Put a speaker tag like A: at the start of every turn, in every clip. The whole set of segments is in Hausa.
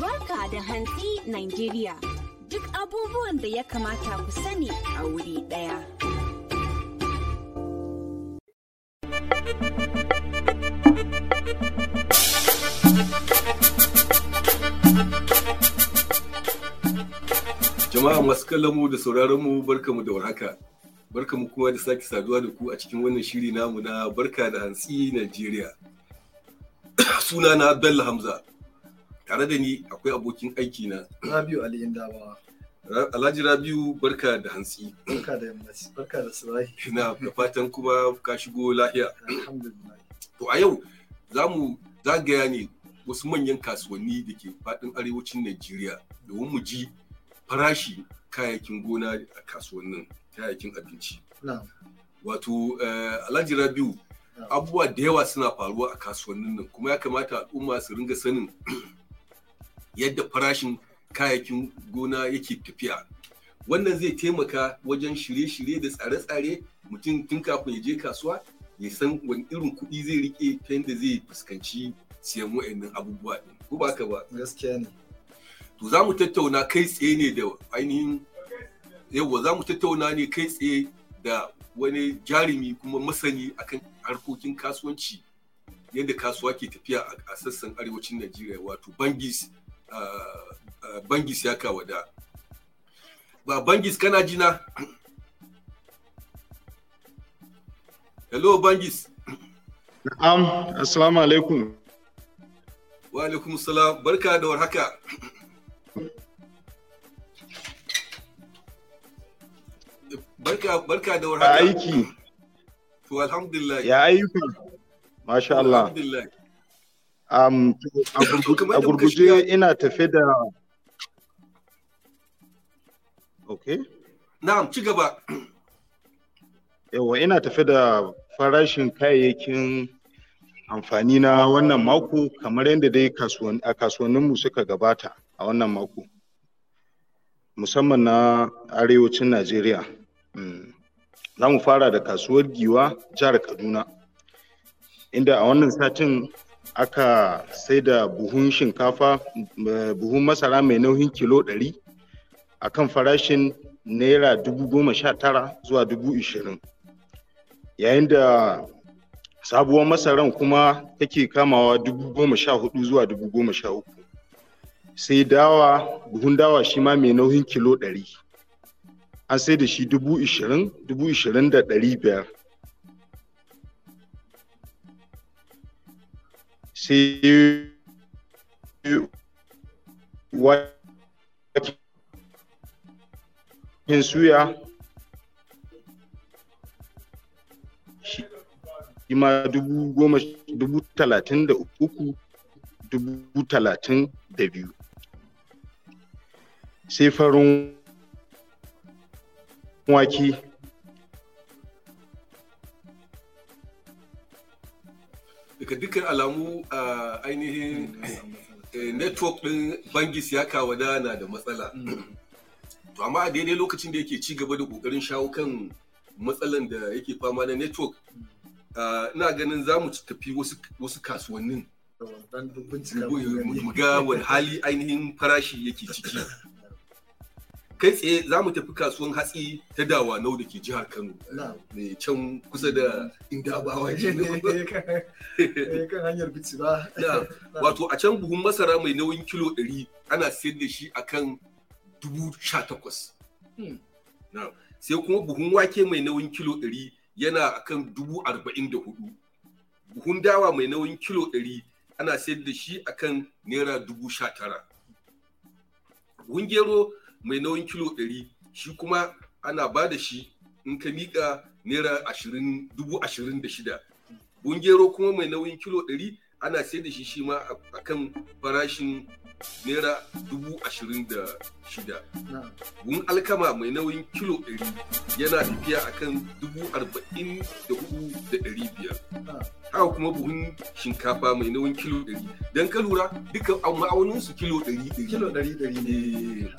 A: Barka da hantsi Nigeria. Duk abubuwan da ya kamata ku sani a wuri ɗaya.
B: Jama'a masu kallon mu da sauraron mu barkamu da warhaka. mu kuma da sake saduwa da ku a cikin wannan shiri namu na barka da hantsi Najeriya. Suna na Bello Hamza. tare da ni akwai abokin aiki na
A: rabiu ali indawa
B: alhaji rabiu barka da hantsi barka da yammaci barka da surahi na da fatan kuma ka shigo lahiya
A: alhamdulillah
B: to a yau za mu zagaya ne wasu manyan kasuwanni da ke faɗin arewacin najeriya domin mu ji farashi kayayyakin gona a kasuwannin kayayyakin abinci wato eh, alhaji rabiu abubuwa da yawa suna faruwa a kasuwannin nan kuma ya kamata al'umma su ringa sanin yadda farashin kayayyakin gona yake tafiya wannan zai taimaka wajen shirye-shirye da tsare-tsare mutum tun kafin ya je kasuwa ya san wani irin kuɗi zai rike ta yadda zai fuskanci siyan wa'annan abubuwa ɗin ko ba ka ba to za mu tattauna kai tsaye ne da ainihin yawwa za mu tattauna ne kai tsaye da wani jarumi kuma masani akan harkokin kasuwanci yadda kasuwa ke tafiya a sassan arewacin najeriya wato bangis bangis ya kawo da ba bangis kana jina hello bangis
C: na'am assalamu alaikum
B: wa alaikum salam barka da warhaka barka barka da warhaka aiki to alhamdulillah ya
C: aiki? masha Allah alhamdulillah Um, a gurguje ina tafe da ok na'am ci gaba yawa ina tafe da farashin kayayyakin amfani na wannan mako kamar yadda dai a kasuwanninmu suka gabata a wannan mako musamman na arewacin najeriya hmm. za mu fara da kasuwar giwa jihar kaduna inda a wannan satin aka sai da buhun shinkafa eh, buhun masara mai nauyin kilo 100 a kan farashin naira 19,000 zuwa 20,000 yayin da sabuwar masaran kuma take kamawa hudu zuwa uku, sai dawa buhun dawa shi ma mai nauyin kilo 100 an sai da shi 20,000 da biyar. Sai waken suya shi ma dubu goma dubu talatin da uku dubu talatin da biyu sai farin wake
B: ga dukkan alamu a ainihin eh, network din bangis ya kawada na da matsala mm. to amma a daidai lokacin da yake cigaba da kokarin shawo kan matsalan da yake fama na network ina ganin za mu tafi wasu kasuwannin ga wani hali ainihin farashi yake ciki kai tsaye za mu tafi kasuwan hatsi ta dawa nau da ke jihar kano mai can kusa da inda ba indabawa
A: ne kan hanyar bici ba
B: wato a can buhun masara mai nauyin kilo 100 ana sayar da shi akan dubu sha hmm. sai kuma buhun wake mai nauyin kilo 100 yana akan dubu arba'in buhun dawa mai nauyin kilo 100 ana sayar da shi akan naira 19,000 sha buhun gero mai nauyin kilo 100 shi kuma ana ba da shi in ka miƙa naira ashirin ashirin da shida bungero kuma mai nauyin kilo 100 ana sai da shi shi ma a kan farashin naira dubu ashirin da shida. Buhun alkama mai nauyin kilo ɗari yana tafiya a kan dubu arba'in da hudu da ɗari biyar. Haka kuma buhun shinkafa mai nauyin kilo ɗari. Don ka lura duka ma'aunin su kilo ɗari ɗari. Kilo ɗari ɗari ne. Eh.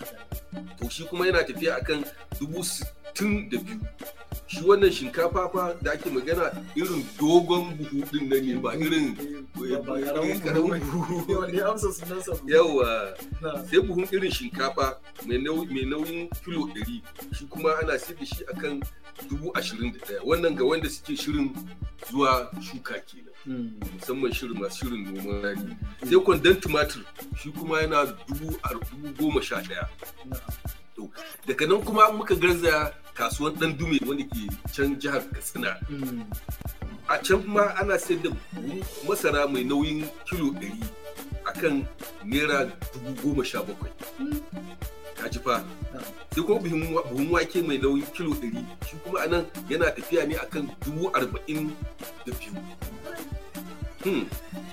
B: To shi kuma yana tafiya a kan dubu sittin da biyu. shi wannan shinkafa fa da ake magana irin dogon buhu din nan ne ba irin karamin eh, eh,
A: buhu yawa
B: sai buhun irin shinkafa mai nauyin kilo 100 shi kuma ana sai da shi akan dubu ashirin da ɗaya wannan ga wanda suke shirin zuwa shuka kenan hmm. musamman shirin masu shirin noman rani sai kwandon tumatir shi kuma yana dubu goma sha ɗaya to daga nan kuma muka garza kasuwan dan dume wanda ke can jihar katsina hmm. a can kuma ana sayar da masara mai nauyin kilo 100 akan naira dubu goma sha bakwai hmm. ji fa sai kuma buhun wake mai nauyin kilo 100 shi kuma anan yana tafiya ne akan dubu arba'in da biyu hmm.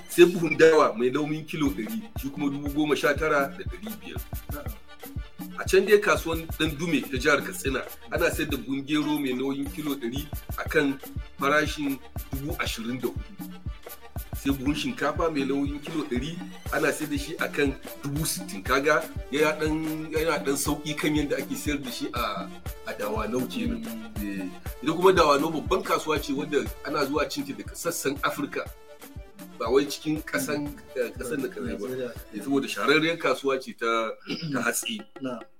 B: sai buhun dawa mai nauyin kilo 100 shi kuma dubu goma sha tara da ɗari biyar a can dai kasuwan dan dume ta jihar katsina ana sayar da gero mai nauyin kilo 100 a kan farashin 24,000 sai buhun shinkafa mai nauyin kilo 100 ana sayar da shi a kan 60,000 kaga yana dan sauki kan yadda ake sayar da shi a dawanau kenan eh, idan kuma dawanau babban kasuwa ce wadda ana zuwa cinta daga sassan afirka ba wai cikin kasan eh, kasan da kazai ba eh, saboda shararriyar kasuwa ce ta ta hatsi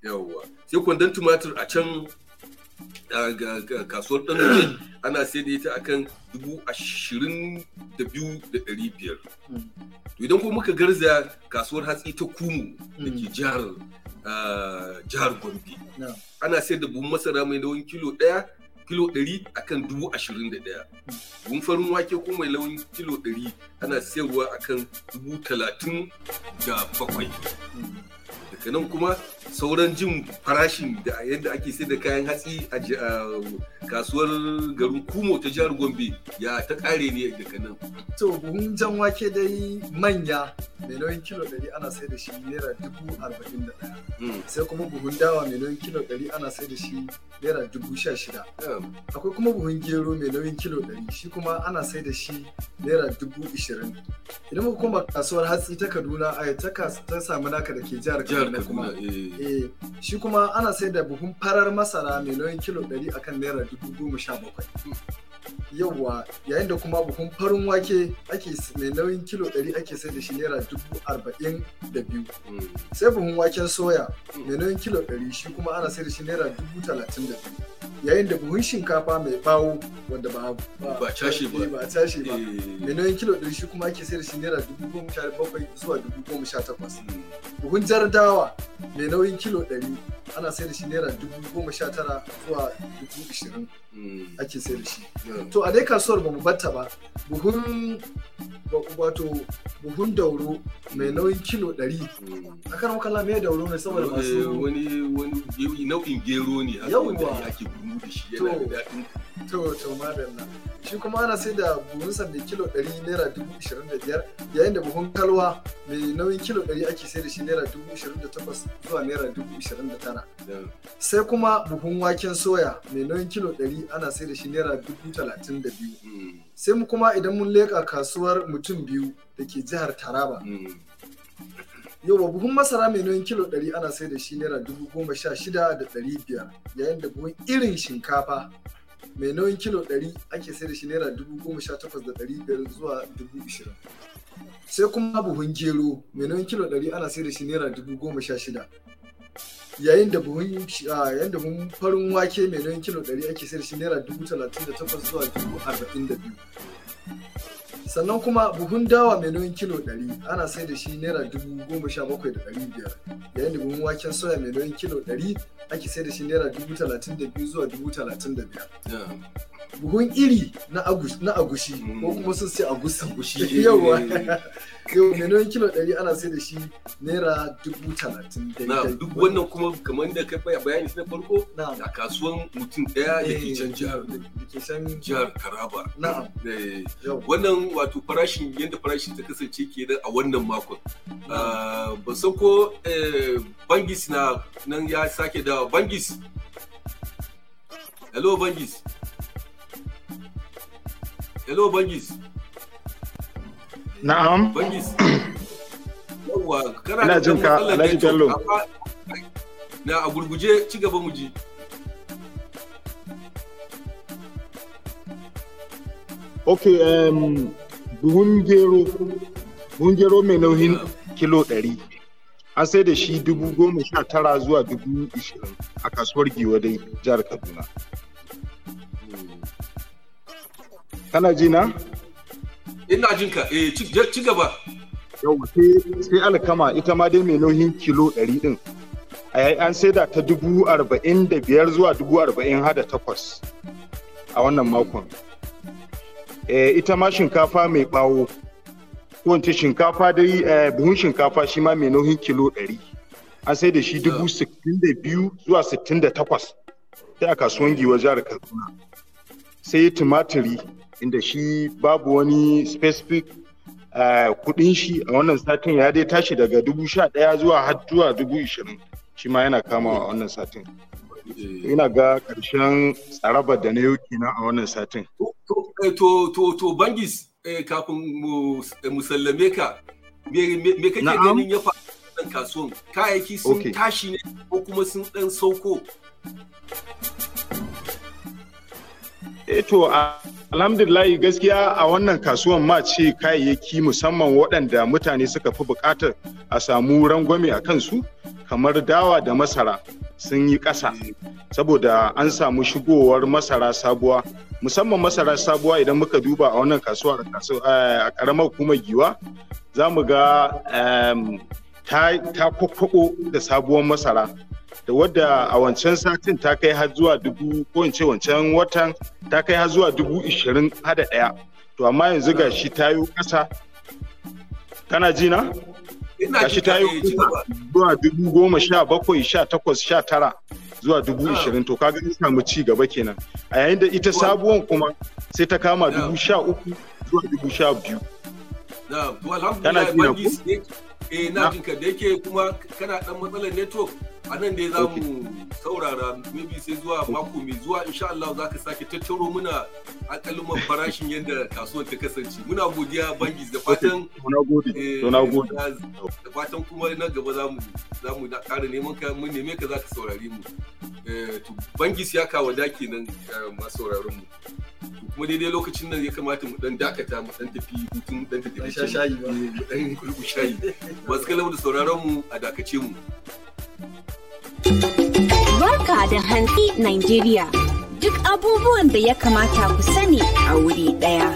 B: yawwa sai kwandon tumatir a can kasuwar ɗan ana sai da ita akan dubu ashirin da biyu da ɗari biyar hmm. to idan kuma muka garza kasuwar hatsi ta kumu Dake ke hmm. ah, jihar gombe ana sayar da buhun masara mai nauyin kilo ɗaya kilo 100 akan dubu ashirin da ɗaya buhun farin wake ko mai launin kilo 100 ana sayarwa akan dubu talatin da bakwai daga nan kuma sauran jin farashin da yadda ake sai da kayan hatsi a kasuwar garin kumo ta jihar gombe ya ta kare ne daga nan
A: to buhun jan wake dai manya mai nauyin kilo 100 ana sai da shi naira dubu arba'in da ɗaya hmm. sai kuma buhun dawa mai nauyin kilo 100 ana sai da shi naira dubu sha shida akwai kuma buhun gero mai nauyin kilo 100 shi kuma ana sai da shi naira dubu ishirin idan kuma kasuwar hatsi ta kaduna a ta samu naka da ke jihar kaduna kaduna kuma eh. Eh, shi kuma ana sai da buhun farar masara mai nauyin kilo 100 a kan naira 17,000 goma yauwa yayin da kuma buhun farin wake ake mai nauyin kilo 100 ake sai da shi naira 42,000 hmm. sai buhun waken soya hmm. mai nauyin kilo 100 shi kuma ana sai da shi naira dubu yayin da buhun shinkafa mai bawo wanda ba ba tashi ba ba cashe ba eh. mai nauyin kilo 100 shi kuma ake sai da shi naira dubu zuwa dubu buhun jar dawa mai nauyin kilo 100 ana sai da shi naira dubu zuwa dubu hmm. ake sai da shi to a dai kasuwar ba mu batta ba buhun wato buhun dauro mai nauyin kilo 100 hmm. a karan kala mai dauro ne saboda masu
B: wani wani nau'in gero ne a wanda ake
A: bunu da shi yana da daɗin to to madalla shi kuma ana sai da buhun sa mai kilo 100 naira dubu yayin da buhun kalwa mai nauyin kilo 100 ake sai da shi naira dubu ishirin da takwas zuwa naira dubu ishirin da tara sai kuma buhun waken soya mai nauyin kilo ɗari ana sai da shi naira dubu talatin da biyu hmm. sai mu kuma idan mun leƙa kasuwar mutum biyu da ke jihar taraba ba hmm. buhun masara mai nauyin kilo ɗari ana sai da shi naira dubu goma sha shida da ɗari biyar yayin da buhun irin shinkafa mai nauyin kilo 100 ake sai da shi naira dubu goma sha takwas da ɗari biyar zuwa dubu ishirin sai kuma buhun gero mai nauyin kilo ɗari ana sai da shi naira dubu goma sha shida yayin da buhun yayin da mun farin wake mai nauyin kilo ɗari ake sai da shi naira dubu talatin da takwas zuwa dubu arba'in da biyu sannan kuma buhun dawa mai nauyin kilo ɗari ana sai da shi naira dubu goma sha bakwai da ɗari biyar yayin da buhun waken soya mai nauyin kilo ɗari ake sai da shi naira dubu talatin da biyu zuwa dubu talatin da biyar buhun iri na agushi ko hmm. kuma sun sai agushi agushi yawa yau menoyin kilo ɗari ana sai da shi naira dubu talatin na duk
B: wannan kuma kamar da ka bayani na farko Na. a kasuwan mutum ɗaya da ke can jihar eh, jihar taraba eh, wannan wato farashin yadda farashin ta kasance kenan a wannan makon ah, ba san ko eh, bangis na nan ya sake da bangis hello bangis hello bangis na'am bangis kana da jin ka alhaji bello na a gurguje ci gaba mu ji
C: um, buhun gero buhun gero mai nauyin kilo ɗari an sai da shi dubu goma sha tara zuwa dubu ishirin a kasuwar giwa dai jihar kaduna kana ji na
B: ina jin ka eh ci gaba
C: yau sai alkama ita ma dai mai nauyin kilo 100 din a an saida ta dubu arba'in da biyar zuwa dubu arba'in hada takwas a wannan makon eh, ita ma shinkafa mai bawo ko shinkafa dai eh, buhun shinkafa shi ma mai nauyin kilo ɗari an sai da shi dubu sittin da biyu zuwa sittin da takwas sai a kasuwan giwa jihar kaduna sai tumatiri inda shi babu wani specific eh, kudin shi a wannan satin ya dai tashi daga dubu sha daya zuwa har zuwa dubu ishirin shi ma yana kama a wannan satin eh. ina ga karshen tsarabar da na yi a wannan satin
B: to to eh, to bangis kafin mu sallame ka me kake ganin ya faru
C: ɗan kasuwan kayayyaki sun tashi ne ko kuma sun ɗan sauko. Eto a alhamdulillahi gaskiya a wannan kasuwan ma ce kayayyaki musamman waɗanda mutane suka fi buƙatar a samu rangwame a kansu kamar dawa da masara sun yi ƙasa saboda an samu shigowar masara sabuwa musamman masara sabuwa idan muka duba a wannan kasuwar a eh, ƙaramar kuma giwa za mu ga ta kwakwako da sabuwar masara da wadda a wancan satin ta kai har zuwa dubu ko in ce wancan watan ta kai har zuwa dubu ishirin hada ɗaya to amma yanzu ga shi ta yi ƙasa kana ji na? ga shi ta yi zuwa dubu goma sha bakwai sha takwas sha tara zuwa dubu ishirin to kaga ya samu ci gaba kenan a yayin da ita sabuwan kuma sai ta kama dubu sha uku zuwa dubu sha biyu.
B: eh na jinka da yake kuma kana dan matsalar network a nan dai za mu saurara maybe sai zuwa mako mai zuwa insha Allah za ka sake tattaro muna alƙaluman farashin yadda kasuwar ta kasance muna godiya bangis da fatan
C: eh,
B: da fatan kuma na gaba za mu za mu ƙara neman ka mun neme ka za ka saurare mu eh, bangis ya kawo da kenan eh, masu sauraron mu kuma daidai lokacin nan ya kamata mu dan dakata mu dan tafi hutun dan tafi sha shayi ba eh, mu dan kulku shayi wasu kalamu da sauraron mu a dakace mu
C: Barka da hantsi
A: Nigeria duk abubuwan da ya kamata ku sani a wuri ɗaya.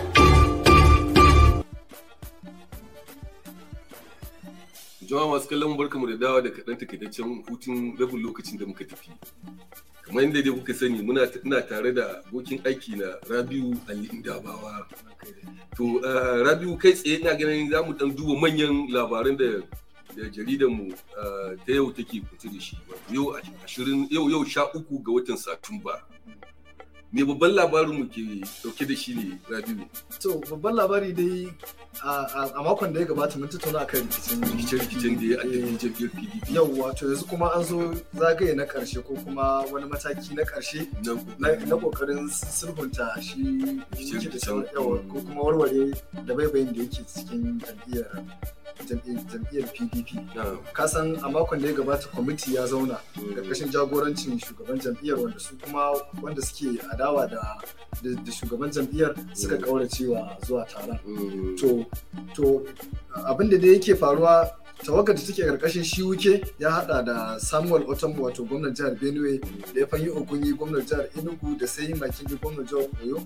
B: Jama'a masu kallon barka mu da dawa da kaɗan takaitaccen hutun rabin lokacin da muka tafi. Kamar yadda dai kuka sani muna ina tare da bokin aiki na Rabiu Ali Indabawa. To Rabiu kai tsaye ina ganin za mu ɗan duba manyan labaran da da jaridar mu ta yau take kutu da shi yau ashirin yau yau sha uku ga watan satumba me babban labarin mu ke dauke da shi ne rabiu
A: to babban labari dai a makon da ya gabata mun tattauna kan
B: rikice-rikicen da ya yi
A: jam'iyyar pdp yau wato yanzu kuma an zo zagaye na karshe ko kuma wani mataki na karshe na kokarin sulhunta shi rikicin ko kuma warware da baibayin da yake cikin jam'iyyar jam'iyyar pdp kasan a makon da ya gabata kwamiti ya zauna mm. ƙarƙashin jagorancin shugaban jam'iyyar wanda su kuma wanda suke adawa da shugaban jam'iyyar suka mm. cewa zuwa taron mm. to to abin da dai yake faruwa tawakka da take karkashin shi wuke ya hada da samuel otom wato gwamnan jihar benue da ya fanyi okunyi gwamnan jihar enugu da sai makingi gwamnan jihar oyo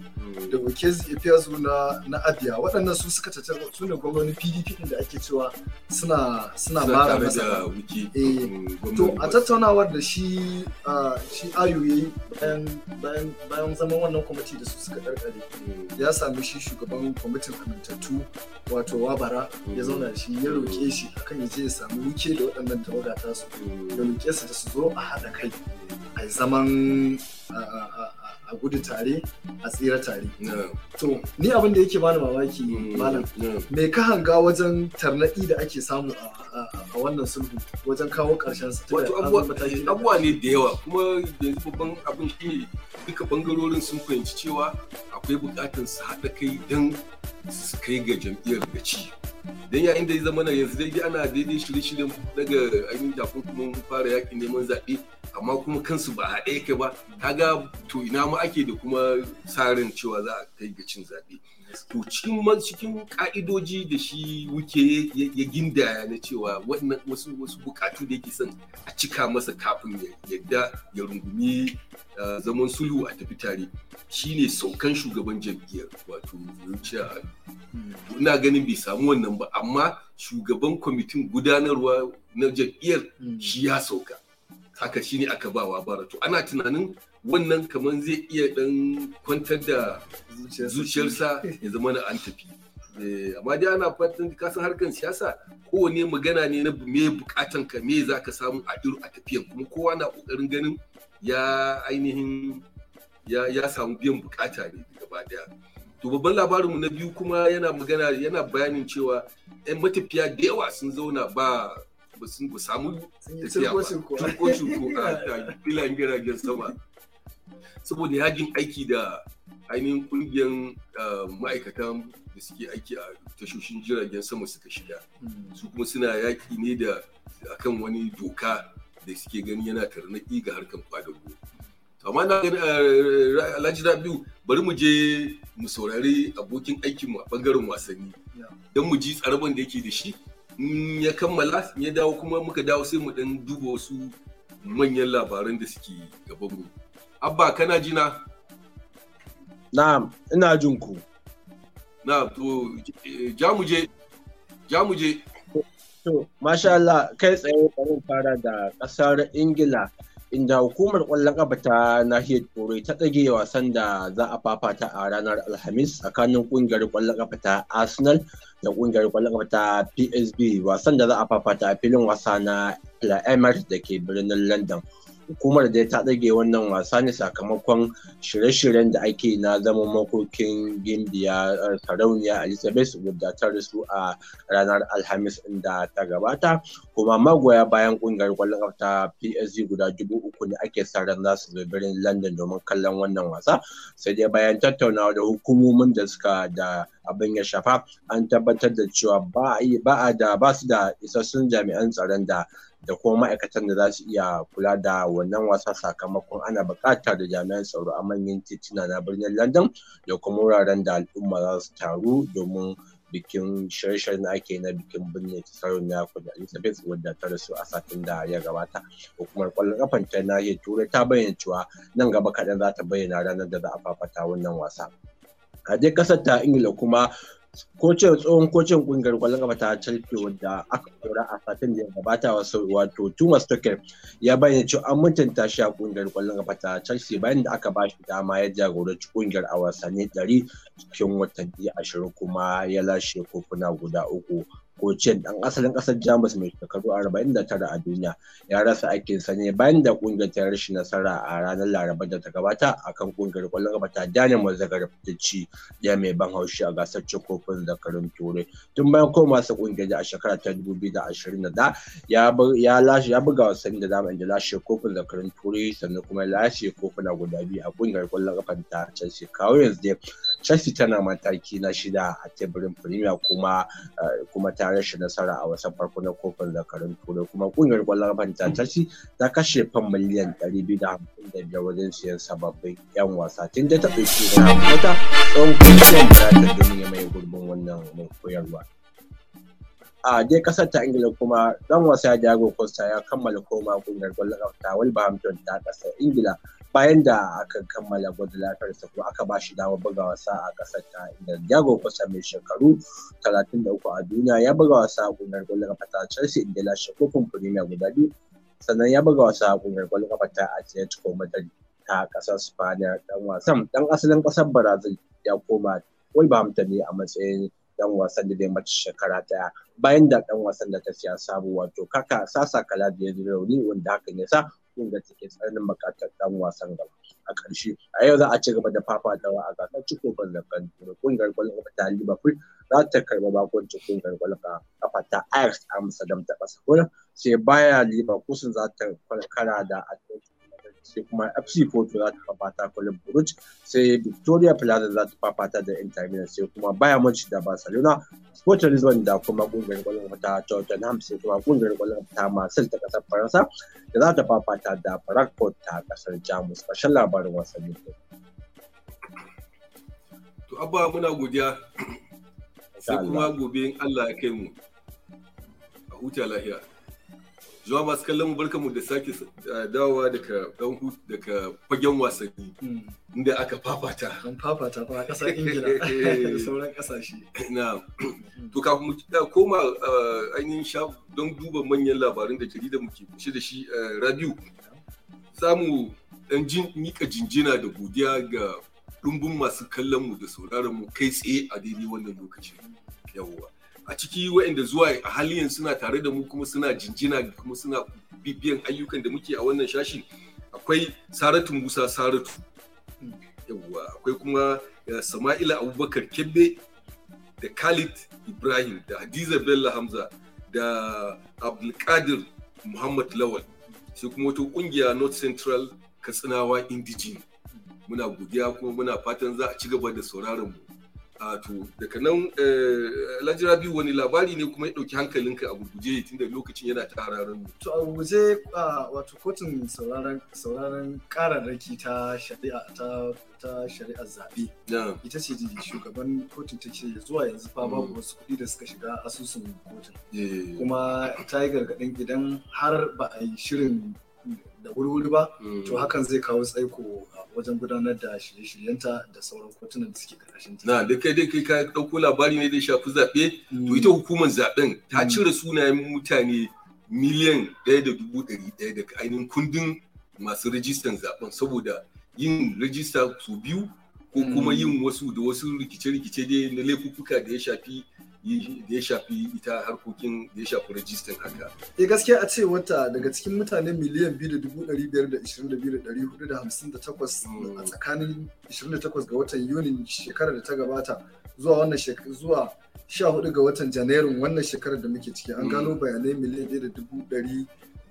A: da okezi ifiazu na na abia waɗannan su suka tattar su ne gwamnoni pdp din da ake cewa suna suna mara masa eh, to a tattaunawar da shi shi ayu bayan bayan zaman wannan kwamiti da su suka karkare ya sami shi shugaban kwamitin amintattu wato wabara ya zauna shi ya roke shi akan ne je samu wuce da waɗannan tawaga ta su da roƙe su da su zo a haɗa kai a zaman a gudu tare a tsira tare. To, ni abin da yake bani mamaki mm, malam, me ka hanga wajen tarnaɗi da ake samu a wannan sulhu wajen kawo ƙarshen su. Wato abubuwa ne
B: da yawa kuma yanzu babban abin shi duka bangarorin sun fahimci cewa akwai bukatar su haɗa kai don su kai ga jam'iyyar gaci don yayin da ya zama na yanzu dai ana daidai shirye-shiryen daga ainihin takunkumin fara yakin neman zaɓe amma kuma kansu ba a ɗaya ba kaga to ina ma ake da kuma tsarin cewa za a kai ga cin zaɓe to cikin cikin ka'idoji da shi wuke ya ginda na cewa wannan wasu wasu bukatu da yake son a cika masa kafin ya yadda ya rungumi eh, zaman sulhu a tafi tare shine saukan shugaban jam'iyyar wato yauciya hmm. ina ganin bai samu wannan ba amma shugaban kwamitin gudanarwa na jam'iyyar hmm. shi ya sauka haka shine aka ba wa bara to ana tunanin wannan kamar zai iya dan kwantar da zuciyarsa ya zama na an tafi eh, amma dai ana fatan ka harkar siyasa kowane magana ne na me bukatan ka me za ka samu a iru a tafiyan kuma kowa na kokarin ganin ya ainihin ya samu biyan bukata ne gaba daya to babban labarinmu na biyu kuma yana magana yana bayanin cewa 'yan matafiya da yawa sun zauna ba ba sun samu tafiya ba cinko cinko a filayen jiragen sama saboda yajin aiki da ainihin kungiyar ma'aikatan da suke aiki a tashoshin jiragen sama suka shiga hmm. su kuma suna yaki ne da akan wani doka da suke gani yana tarnaki ga harkar kwadago amma na gani alhaji rabiu bari mu je mu saurari abokin aikinmu a bangaren wasanni don mu ji tsaraban da yake da shi ya kammala ya dawo kuma muka dawo sai mu dan duba wasu manyan labaran da suke gaban mu abba kana jina
D: na'am ina jin ku
B: na to jamuje jamuje
D: to masha Allah kai tsaye bari fara da kasar Ingila inda hukumar ƙwallon ƙafa ta nahiyar turai ta tsage wasan da za a fafata a ranar alhamis tsakanin ƙungiyar ƙwallon kafa ta arsenal da ƙungiyar ƙwallon kafa ta psb wasan da za a fafata a filin wasa na la da ke birnin london hukumar da ta ɗage wannan wasa ne sakamakon shirye-shiryen da ake na zama makokin gimbiya eh, sarauniya elizabeth gudatar su a ranar alhamis da ta gabata kuma magoya bayan ƙungiyar ƙwallon ta psg guda dubu uku ne ake sa ran za su zo birnin london domin kallon wannan wasa sai dai bayan tattaunawa da hukumomin da suka da abin ya shafa an tabbatar da cewa ba a da ba su da isassun jami'an tsaron da da kuma ma'aikatan da za su iya kula da wannan wasa sakamakon ana buƙatar da jami'an tsaro a manyan tituna na birnin london da kuma wuraren da al'umma za su taru domin bikin shirye-shiryen da ake na bikin ta sauran na kudu elizabeth wadda ta rasu a satin da ya gabata hukumar kwallon kafan ta nahiyar turai ta bayyana cewa nan gaba kaɗan za ta bayyana ranar da za a fafata wannan wasa a dai ƙasar ta ingila kuma kocin tsohon kocin kungiyar kwallon kafa ta Chelsea wanda aka kura a satin da ya gabata wato Thomas tucker ya bayyana cewa an mutunta shi a kungiyar kwallon kafa ta Chelsea bayan da aka ba shi dama ya jagoranci kungiyar a wasanni 100 cikin watanni 20 kuma ya lashe kofuna guda uku kocin ɗan asalin ƙasar jamus mai shekaru 49 a duniya ya rasa ake sane bayan da ƙungiyar ta rashin nasara a ranar laraba da ta gabata a kan ƙungiyar ƙwallon gaba ta dynamo zagreb da ci ɗaya mai ban haushi a gasar cin kofin zakarun turai tun bayan koma sa kungiyar a shekara ta 2021 ya lashe ya buga wasanni da dama inda lashe kofin Zakarin turai sannan kuma lashe kofuna guda biyu a ƙungiyar ƙwallon kafa ta chelsea kawo yanzu dai Chelsea tana mataki na shida a teburin Premier kuma eh, kuma ta rashin nasara a wasan farko na kofin zakarun turai kuma kungiyar kwallon kafa ta Chelsea ta kashe fan miliyan 255 wajen siyan sababbin yan wasa tun da ta ɗauki na mota, tsawon kungiyar da ta duniya mai gurbin wannan mai koyarwa. a dai kasar ta ingila kuma dan wasa jago costa ya kammala koma kungiyar kwallon kafa ta wolverhampton ta kasar ingila bayan da aka kammala gwada lafiyarsa kuma aka ba shi damar buga wasa a kasar ta inda Diego Costa mai shekaru 33 a duniya ya buga wasa a ƙungiyar gwada kafa ta Chelsea inda lashe kofin Premier guda biyu sannan ya buga wasa a ƙungiyar gwada kafa ta Atletico Madrid ta ƙasar Spain dan wasan dan asalin ƙasar Brazil ya koma Wolverhampton ne a matsayin dan wasan da bai mace shekara daya bayan da dan wasan da ta siya sabu wato kaka sasa kala da ya rauni wanda hakan ya sa da take tsananin bukatar dan wasan gaba a ƙarshe a yau za a ci gaba da fafatawa a gasar kofar da kan turai kungiyar kwallon ta liverpool za ta karɓi bakuncin kungiyar kwallon kafa ta ajax amsterdam ta ƙasa kuma sai baya liverpool za ta kwarkara da atletico sai kuma fc porto za ta fafata kwallon buruj sai victoria plaza za ta fafata da inter milan sai kuma bayern munich da barcelona sport lisbon da kuma kungiyar kwallon ta tottenham sai kuma kungiyar kwallon ta Marseille ta kasar faransa da za ta fafata da frankfurt ta kasar jamus ƙarshen labarin
C: wasanni
B: to abba muna godiya sai kuma gobe in allah ya kai mu a huta lafiya Zuwa masu kallon mu barkamu da sake dawowa daga dan daga fagen wasanni hmm. inda aka fafata.
A: An fafata ba kasa Ingila da sauran ƙasashe.
B: Na. Hmm. To kafin mu koma eh, ainihin sha don duba manyan labarin da jarida muke. ke kunshe da shi eh, Rabiu. Samu dan jin mika jinjina da godiya ga dumbun masu kallon mu da sauraron mu kai tsaye a daidai wannan lokacin. Yawwa. a ciki waɗanda zuwa a halin suna tare da mu kuma suna jinjina kuma suna bibiyan ayyukan da muke a wannan shashi akwai saratu musa saratu yawwa akwai kuma eh, sama'ila abubakar kebbe da khalid ibrahim da hadiza Bella hamza da abdulkadir muhammad lawal sai kuma wata kungiya north central katsinawa indijin muna godiya kuma muna fatan za a ci gaba da sauraron mu to daga nan eh, alhaji rabi wani labari ne kuma ya ɗauki hankalinka a gurguje tunda lokacin yana ta mu.
A: to a gurguje wato kotun sauraron kararraki ta shari'a ta shari'ar zaɓe ita ce shugaban kotun ta ce zuwa yanzu fa mm. babu wasu kuɗi da suka shiga asusun kotun eh. kuma ta yi gargaɗin idan har ba a yi shirin da wuri-wuri ba mm. to hakan zai kawo tsaiko wajen gudanar da shirye-shiryenta da sauran kotunan da suke karkashin
B: ta. Na da kai dai kai ka ɗauko labari ne da shafi zaɓe mm. to ita hukumar zaɓen ta mm. cire sunayen mutane miliyan ɗaya da dubu ɗari ɗaya daga ainihin kundin masu rajistan zaɓen saboda yin rajista su biyu ko kuma yin wasu da wasu rikice-rikice dai na laifuka da ya shafi da ya shafi ita harkokin da ya shafi rajistan haka.
A: E gaskiya a ce wata daga cikin mutane miliyan 2,522,458 hmm. a tsakanin 28 ga watan Yunin shekarar da ta gabata zuwa wannan zuwa 14 ga watan Janairun wannan shekarar da muke ciki an gano hmm. bayanai miliyan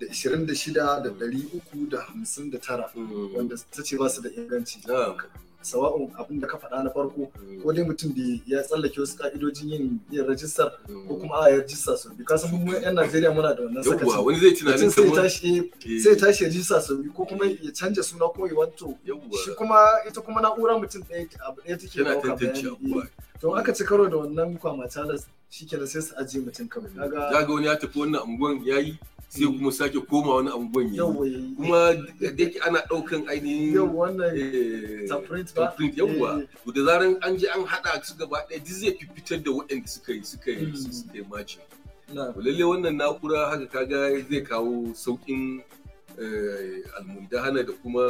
A: 1,000 da 26 da 359 hmm. wanda ta ce ba su da inganci. sawa'un abin da ka faɗa na farko mm. ko dai mutum da ya tsallake wasu ka'idojin yin yin rajistar mm. ko kuma a rajista sau biyu kasan mu yan Najeriya muna da wannan sakaci wani zai tunanin sai tashi eh. sai tashi rajista sau biyu ko kuma ya canja suna ko ya wanto shi kuma ita kuma na'ura mutum ɗaya abu ɗaya take ɗauka bayani eh, to aka ci karo da wannan kwamatalas shikenan sai su ajiye mutum kawai kaga
B: wani ya tafi wannan unguwan ya yi. sai kuma sake koma wani abubuwan yi kuma da yake ana daukan ainihin yau wannan eh, ba yawwa eh. da zaran an je an hada su gaba ɗaya duk zai fitar da waɗanda suka yi suka yi hmm. suka yi mace lalle wannan na'ura haka kaga zai kawo saukin eh, almundahana da kuma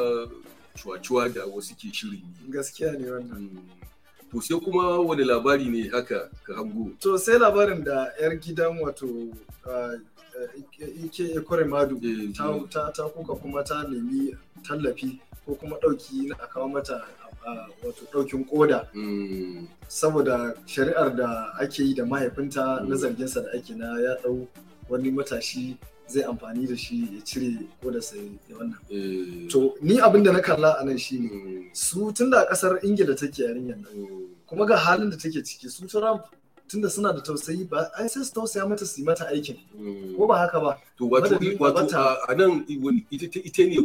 B: cuwa-cuwa da wasu ke shirin gaskiya ne wannan hmm. to sai kuma wani labari ne haka
A: ka hango to sai labarin da yar gidan wato ah, ike kore madu eh, eh. ta kuka kuma ta nemi tallafi ko kuma ɗauki na a kawo mata wato ɗaukin koda mm. saboda shari'ar da ake yi da mahaifinta mm. na zarginsa da ake na ya ɗau wani matashi zai amfani da shi ya cire koda sai ya wannan eh. to ni abin da na kalla a nan shi ne mm. su tun da ƙasar ingila take yarinyar nan kuma ga halin da take ciki su trump tunda suna da tausayi ba ai sai su tausaya mata su yi mata aikin
B: hmm.
D: ko ba
A: haka ba to wato wato
B: a nan ita ne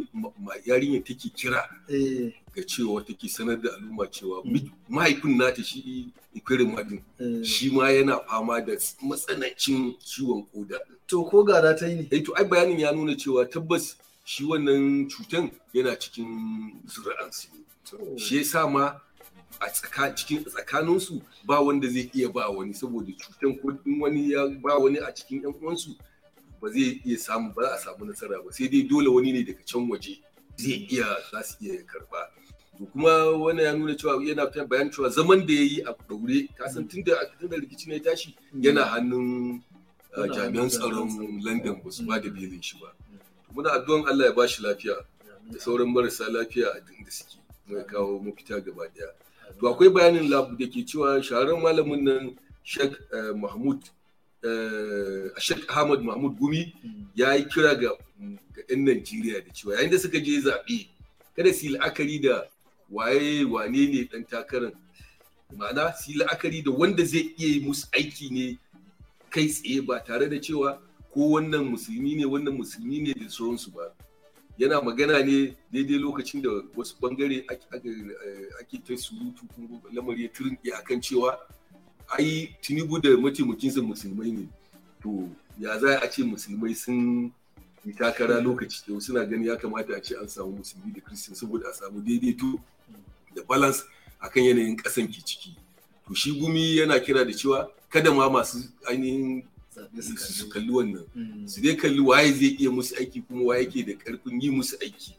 B: yarinyar take kira eh. ga cewa take sanar da al'umma cewa hmm. mahaifin nata shi ikirin madin eh. shi ma yana fama da matsanancin ciwon koda to ko da ta yi ne eh, to ai bayanin ya nuna cewa tabbas shi wannan cutan yana cikin zuri'ansu shi ya sa ma a cikin tsakaninsu ba wanda zai iya ba wani saboda cutan ko wani ya ba wani a cikin yan uwansu ba zai iya samu ba a samu nasara ba sai dai dole wani ne daga can waje zai hmm. iya za su iya karba to kuma wani ya nuna cewa yana bayan cewa zaman da ya yi a daure san hmm. tun da tunda rikici ne tashi hmm. ah, yana hannun
C: jami'an tsaron london
B: ba su ba da bilin shi ba muna addu'an allah ya ba shi lafiya da sauran marasa lafiya a da suke mai kawo mafita gaba daya to akwai bayanin labu da ke cewa shaharar malamin nan Sheikh eh, Mahmud eh, Sheikh Ahmad Mahmud Gumi ya yi kira ga 'yan Najeriya da cewa yayin da suka je zaɓe kada su yi la'akari da waye wane ne ɗan takarar ma'ana su yi la'akari da wanda zai iya yi musu aiki ne kai tsaye ba tare da cewa ko wannan musulmi ne wannan musulmi ne da sauransu ba yana magana ne daidai lokacin da wasu bangare eh, ake ta surutu kuma lamari ya turinki a kan cewa ai tinubu da mataimakinsa musulmai ne to ya za a ce musulmai sun yi takara lokaci yau suna gani ya kamata a ce an samu musulmi da kristiyan saboda a samu daidaito da balance kan yanayin kasan ke ciki to shi gumi yana kira da cewa kada ma masu ainihin su kalli wannan hmm. su dai kalli waye zai iya musu aiki kuma waye ke da ƙarfin yi musu aiki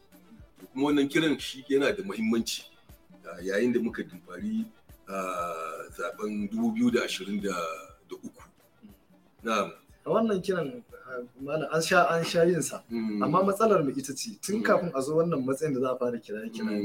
B: kuma wannan kiran shi yana da muhimmanci ah, yayin da muka dumfari ah, zaben 2023 hmm.
A: na'am a wannan kiran ah, an sha an sha yin sa hmm. amma matsalar mu ita ce tun kafin a zo wannan matsayin da za a fara kira kira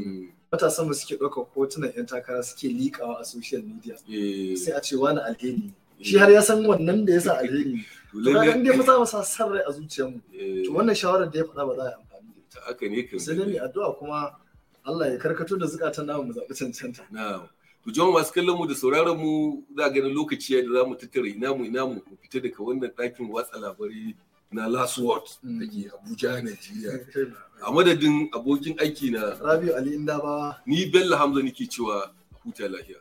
A: matasan mu suke ɗaukar hotunan yan takara suke likawa a social media eh. sai a ce wani alheri shi har ya san wannan da ya sa alheri to dai mu sa sa rai a zuciyarmu to eh. wannan shawarar da ya faɗa ba za a yi amfani da ita haka ne kan sai dai addu'a kuma Allah ya karkato da zukatan namu mu zaɓi cancanta
B: na'am to jama'a masu kallon mu da sauraron mu za ga lokaci da za mu tattara ina mu ina mu ku fita daga wannan ɗakin watsa labarai na last word mm. da ke Abuja Nigeria a madadin abokin aiki na
A: Rabiu Ali Indaba
B: ni Bello Hamza nake cewa huta lafiya